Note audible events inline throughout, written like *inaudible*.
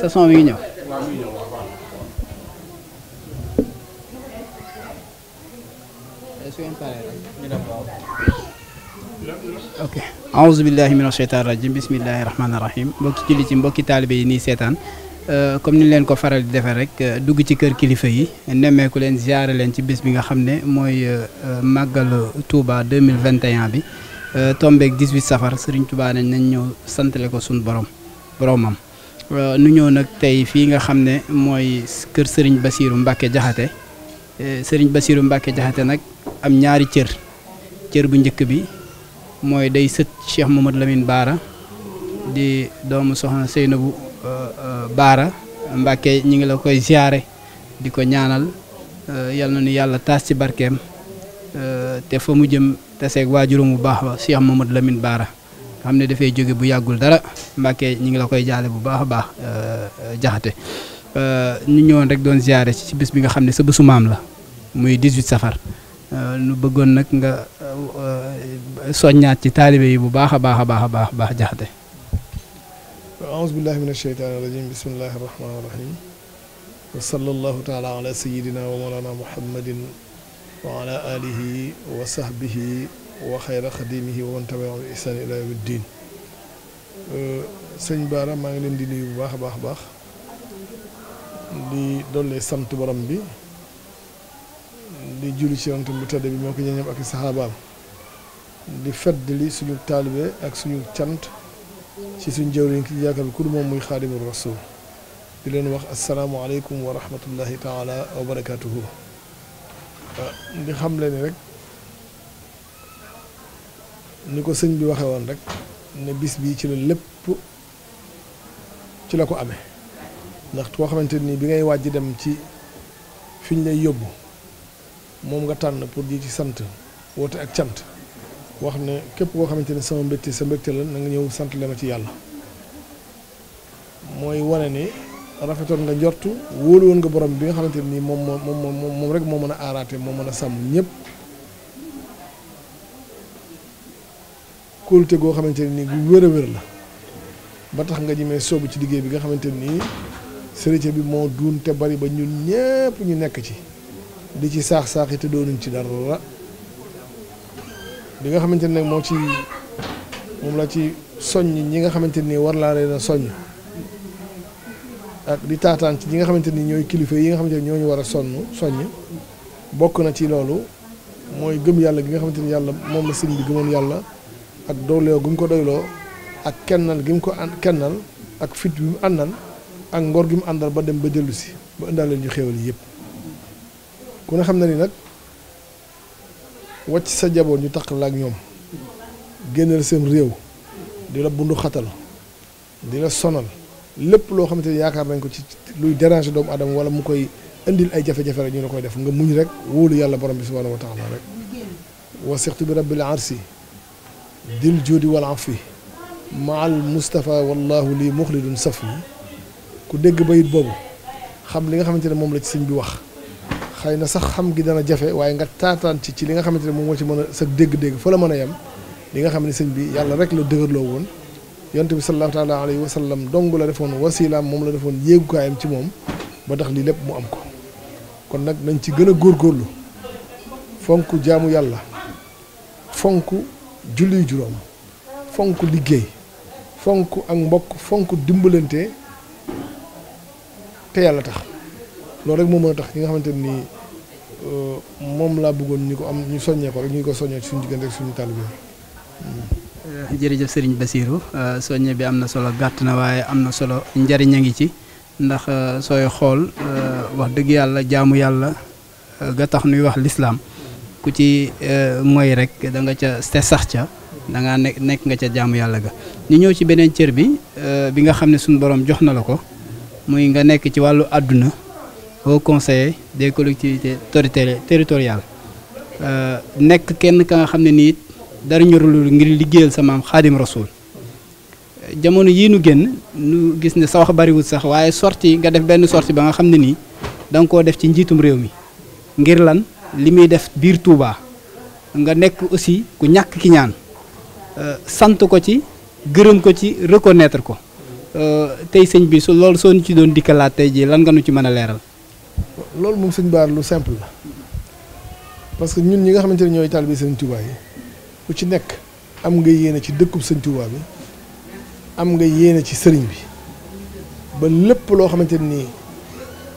sa son mi ngi ñëw ok aouzu billahi mina sheytaani rajim bismillahi rahmaani rahim mbokki julli ci mbokki taalibe yi nii seetaan euh, comme ni leen ko faral di defee rek euh, dugg ci kër kilifa yi nemmeeku leen ziyaare leen ci bis bi nga xam ne mooy euh, màggalu Touba 2021 bi tombeek 18 safar Serigne Touba nañ nañ ñëw santale ko suñu borom boromam Euh, nu ñëw nag tey fii nga xam ne mooy kër sëriñ Bassirou Mbacke Diakhaté euh, sëriñ Bassirou Mbacke Diakhaté nag am ñaari cër cër bu njëkk bi mooy day sët Cheikh Mamadou Lamine Baara di doomu soxna Seynabou euh, Baara Mbacke ñu ngi la koy ziare di ko ñaanal yal na nu yàlla taas ci barkeem te fa mu jëm taseeg waajuram bu baax wa Cheikh Mamadou Lamine Baara xamne da fay jóge bu yagul dara Mbacke ñi ngi la koy jale bu baax a baax jaxate euh ñu ñëwoon rek doon ziare ci bis bi nga xamne sa bésu mam la muy 18 safar nu bëggoon nak nga soññaat ci talibé yi bu baax a baax baax baax baax jaxate aouzu billahi min asheytaani rajim bismillahi rahmaani rahim wa sallallahu taala ala sayidina wa mawlana muhammadin wa ala alihi wa sahbihi وخير خدمه ومن تبعه الإحسان إلى يوم الدين سيني بارا ما نلين دي لي باخ باخ باخ لي دولي سمت برام بي لي جولي شيرانت متدى بي موكي جنب أكي صحابا لي فت دي لي سنو طالب أك سنو تانت شي سن جورين كي جاكر كل مو مي خادم الرسول دي لين وقت السلام عليكم ورحمة الله تعالى وبركاته دي خملة نرك ni ko sëñ bi waxe woon rek ne bis bii ci la lépp ci la ko amee ndax koo xamante nii bi ngay wàjj dem ci fi ñu lay yóbbu moom nga tànn pour di ci sant woote ak cant wax ne képp koo xamante ne sama mbégte sa mbégte la na nga ñëw sant le ma ci yàlla mooy wane ni rafetoon nga njortu wóolu woon nga borom bi nga xamante ni moom moom moom moom rek moo mën a aaraate moo mën a sàmm ñëpp kulte go xamanteni ni nii gu la ba tax nga ñemee soobu ci liggéey bi nga xamanteni nii bi mo duun te bari ba ñun ñepp ñu nekk ci di ci sax saaxi te doonuñ ci dara bi nga xamanteni nak mo ci mom la ci soñ ñi nga xamanteni war la leen soñ ak di tatan ci nga xamanteni ni ñooy kilifa yi nga xamanteni ni ñoo ñu war a sonn na ci lolu moy gëm yalla gi nga xamanteni yalla mom la sëñ bi gëmon yalla ak doyloo gi mu ko doyloo ak kennal gi mu ko an kennal ak fit bi mu àndal ak ngor gi mu àndal ba dem ba dellu si ba indaale ñu xéwal yëpp ku ne xam na ni nag wàcc sa jaboot ñu taq la ak ñoom génneel seen réew di la bundu xatal di la sonal lépp loo xamante ni yaakaar nañ ko ci luy déranger doomu adama wala mu koy indil ay jafe-jafe rek ñu la koy def nga muñ rek wóolu yàlla borom bi subhanahu wa taala rek wa sixtu bi rabbil arsi dil juudi wal ma maal Moustapha wallaahu lii muxlidun saf yi ku dégg bayit boobu xam li nga xamante ne moom la ci sëñ bi wax xëy na sax xam gi dana jafe waaye nga taataan ci ci li nga xamante ne moom moo ci mën a sa dégg-dégg fa la mën a yem li nga xam ne sëñ bi yàlla rek la dëgërloo woon yonte bi sallallahu taala alayhi wa sallam dong la defoon wasilaam moom la defoon yéegukaayam ci moom ba tax lii lépp mu am ko kon nag nañ ci gën a góorgóorlu fonk jaamu yàlla julli juróom fonk liggéey fonk ak mbokk fonk dimbalante te yàlla tax loolu rek moo mën a tax ñi nga xamante ni euh, moom laa bëggoon ñu ko am ñu soññee ko rek ñu ko soññee suñu diggante ak suñu taalibe euh, jërëjëf sëriñ Basirou euh, soññe bi am na solo gàtt na waaye am na solo njariñ a ngi ci ndax sooy xool wax dëgg yàlla jaamu yàlla ga tax nuy wax lislaam ku ci eh, moy rek da nga ca nek sax ca da nga nek nga ca jamm yalla ga ñu ñew ci benen cër bi eh, bi nga xam suñu borom jox na la ko muy nga nek ci walu aduna au conseil des collectivités territoriales eh, nek kenn ka nga xam ne dara ñorul ngir liggéeyal sa mam khadim rasul jamono yi nu genn nu gis ne sa wax bariwul sax waye sortie nga def benn sortie ba nga xam ni dang ko def ci njitum rew mi ngir lan li muy def biir Touba nga nekk aussi ku ñàkk ki ñaan euh, sant ko ci gërëm ko ci reconnaître ko euh, tey sëñ bi su lool soo ñu ci doon dikkalaat tey jii lan nga nu ci mën a leeral. loolu moom sëñ Bara lu simple la parce que ñun ñi nga xamante ne ñooy taalibe sëñ Touba yi ku ci nekk am nga yéene ci dëkkub sëñ Touba bi am nga yéene ci sëriñ bi ba lépp loo xamante nii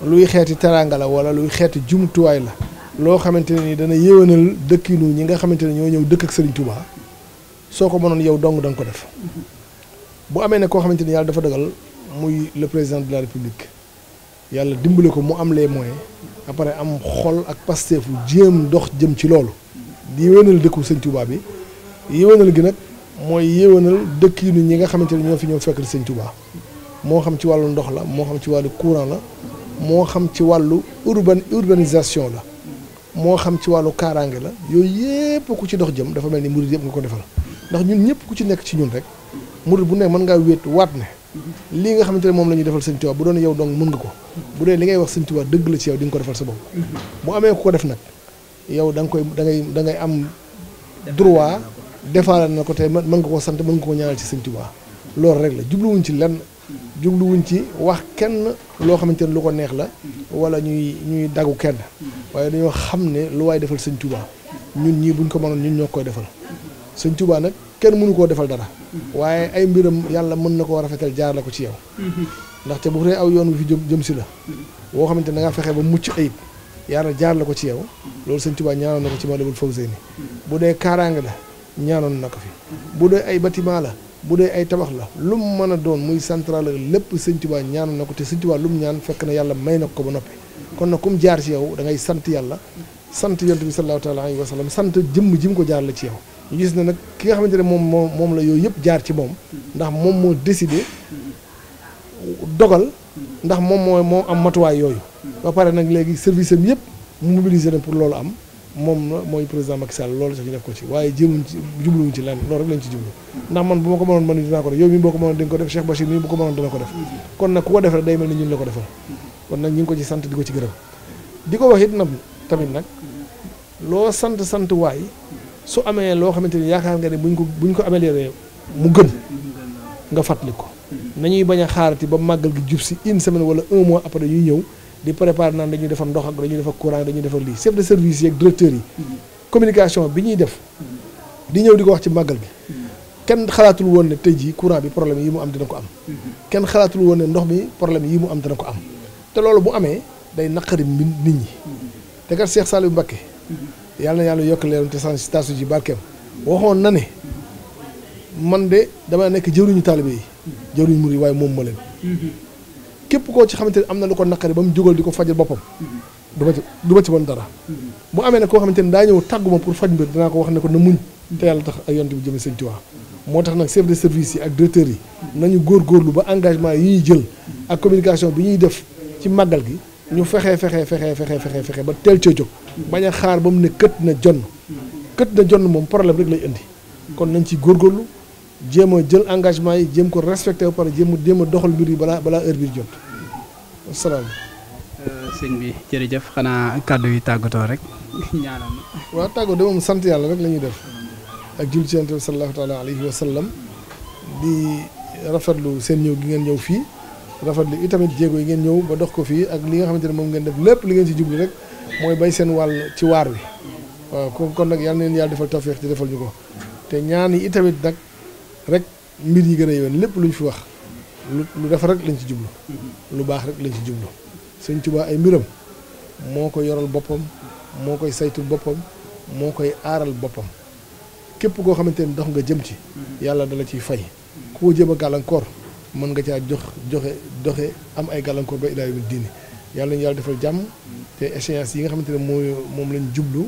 luy xeeti teraanga la wala luy xeeti jumtuwaay la. loo xamante ne ni dana yéwénal dëkkinu ñi nga xamante ne ñoo ñëw dëkk ak Serigne Touba soo ko mënoon yow dong da nga ko def bu amee ne koo xamante ni yàlla dafa dogal muy le président de la république yàlla dimbale ko mu am les moyens après am xol ak pasteefu jéem dox jëm ci loolu di yéwénal dëkku Serigne Touba bi yéwénal gi nag mooy yéwénal dëkkinu ñi nga xamante ni ñoo fi ñëw fekk Serigne Touba moo xam ci wàllu ndox la moo xam ci wàllu courant la moo xam ci wàllu urban urbanisation la moo xam ci wàllu kaaraange la yooyu yëpp ku ci dox jëm dafa mel ni murid yëpp nga ko defal ndax ñun ñëpp ku ci nekk ci ñun rek murid bu nekk mën ngaa wéet waat ne lii nga xamante ne moom la ñuy defal sëñ Tuubaa bu doon yow dong mën nga ko bu dee li ngay wax sëñ Tuubaa dëgg ci yow di ko defal sa bopp bu amee ku ko def nag yow danga koy da ngay da ngay am droit defaale na ko te mën nga ko sant mën nga koo ñaanal ci sëñ Tuubaa loolu rek la jubluwuñ ci lenn jubluwuñ ci wax kenn loo xamante ne lu ko neex la wala ñuy ñuy dagu kenn waaye dañoo xam ne lu waay defal sëñ Touba ñun ñii buñ ko mënoon ñun ñoo koy defal sëñ Touba nag kenn mënu koo defal dara waaye ay mbiram yàlla mën na koo rafetal jaar la ko ci yow ndaxte bu dee aw yoon wi fi jëm jëm si la boo xamante ne da nga fexe ba mucc ayib yàlla jaar la ko ci yow loolu sëñ Touba ñaanoon na ko ci Matlabul Fawzayni bu dee kaaraange la ñaanoon na ko fi bu dee ay bâtiment la bu dee ay tabax la lu mu mën a doon muy central lépp sëñ Touba ñaanoon na ko te sëñ Touba lu mu ñaan fekk na yàlla may na ko ba noppi kon nag comme jaar ci yow da ngay sant yàlla sant yonent bi sallallahu taala alayhi wa sallam sant jëmm ji ko jaar la ci yow gis ne nag ki nga xamante ne moom moo moom la yooyu yëpp jaar ci moom ndax moom moo décidé dogal ndax moom moo moo am matuwaay yooyu ba pare nag léegi service am yëpp mu mobiliser na pour loolu am moom mooy président Macky loolu sax ñu def ko ci waaye jéemuñ ci jubluwuñ ci lenn loolu rek lañ ci jublu ndax man bu ma ko mënoon man dinaa ko def yow mi boo ko mënoon di ko def kon nag ku ko def rek day mel ni ñun la ko defal kon nag ñu ngi ko ci sant di ko ci gërëm di ko wax it nag tamit nag loo sant sant waay su amee loo xamante ni yaakaar nga ne buñ ko buñ ko amélioré mu gën nga fàttali ko na ñuy bañ a xaarati ba màggal gi jub si une semaine wala un mois après ñuy ñëw di préparer naan dañuy defar ndox ak dañuy defar courant dañuy defar lii chef de service yeeg directeur yi communication bi ñuy def di ñëw di ko wax ci màggal gi kenn xalaatul woon ne tey jii courant bi problème yi mu am dina ko am kenn xalaatul woon ne ndox mi problème yi mu am dina ko am te loolu bu amee day naqari nit ñi mm-hmm. te kat Cheikh Saliou mbakke yàlla na yàlla yokk leen te station ji barkeem waxoon na ne mm-hmm. man de dama nekk jëruñu taalibe yi mm-hmm. jëruñu murid yi waaye moom ma leen képp koo ci xamante ne am na lu ko naqari ba mu jógal di ko fajal boppam du ma ci du ma dara bu amee nag koo xamante ne daa ñëw tàggu ma pour faj mbir dinaa ko wax ne ko na muñ te yàlla tax ak yont bi jëme sëñ Tuubaa moo tax nag chef de service yi ak directeurs yi nañu góorgóorlu ba engagement yi jël ak communication bi ñuy def ci màggal gi ñu fexe fexe fexe fexe fexe fexe ba teel cee jóg bañ a xaar ba mu ne kët na jonn kët na jonn moom problème rek lay indi kon nañ ci góorgóorlu jéem a jël engagement yi jéem ko respecté ba pare jéem jéem a doxal mbir yi balaa balaa heure bi jot asalaam euh, sëñ bi jërëjëf xanaa kàddu yi tàggatoo rek *laughs* ñaanal waaw tàggoo de moom sant yàlla rek la ñuy def ak jul ci yonent bi sallallahu taala alayhi wa sallam di rafetlu seen ñëw gi ngeen ñëw fii li itamit jéego yi ngeen ñëw ba dox ko fii ak li nga xamante ne moom ngeen def lépp li ngeen ci jublu rek mooy bay seen wàll ci waar wi waaw kon kon nag yal na leen yàlla defal tawféex ci defal ñu ko te ñaan yi itamit nag rek mbir yi gën a yéwén lépp lu ñu fi wax lu defar rek lañ ci jublu lu baax rek lañ ci jublu sëñ Tuubaa ay mbiram moo ko yoral boppam moo koy saytu boppam moo koy aaral boppam képp koo xamante ne dox nga jëm ci yàlla dala ciy fay ku ko gàllankoor mën nga caa jox joxe doxe am ay gàllankoor ba ilaa yu diine yàlla ñu yàlla defal jàmm te échéance yi nga xamante ne mooy moom lañ jublu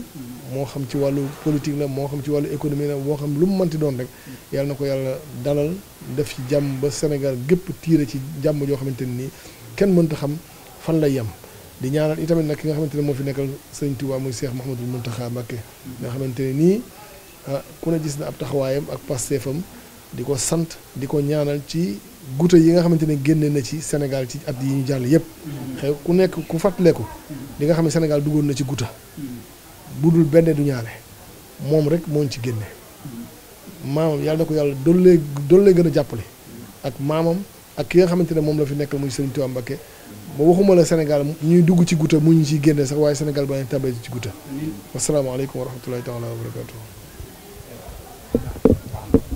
moo xam ci wàllu politique la moo xam ci wàllu économie la moo xam lu mu mënti doon rek yàlla na ko yàlla dalal def ci jàmm ba Sénégal gépp tiire ci jàmm joo xamante ne nii kenn mënta xam fan lay yem di ñaanal itamit nag ki nga xamante ne moo fi nekkal sëñ waa muy Cheikh Mouhamadoul Mountakha Mbacké nga xamante ne nii ah, ku ne gis na ab taxawaayam ak pasteefam di ko sant di ko ñaanal ci goutte yi nga xamante ne génne na ci senegal ci at yi ñu jàll yëpp xëy ku nekk ku fàttaleku di nga xam ne Sénégal duggoon na ci goutte bu dul benn du ñaare moom rek moo ci génne maamam yàlla ko yàlla doolu lay gën a jàppale ak maamam ak ki nga xamante ne moom la fi nekkal muy seen Touba Mbacké ba waxuma la Sénégal ñuy dugg ci goutte mu ñu ciy génne sax waaye Sénégal ba ñu tabee ci goutte wasalaamaaleykum wa rahmatullahi taala wa barakatuh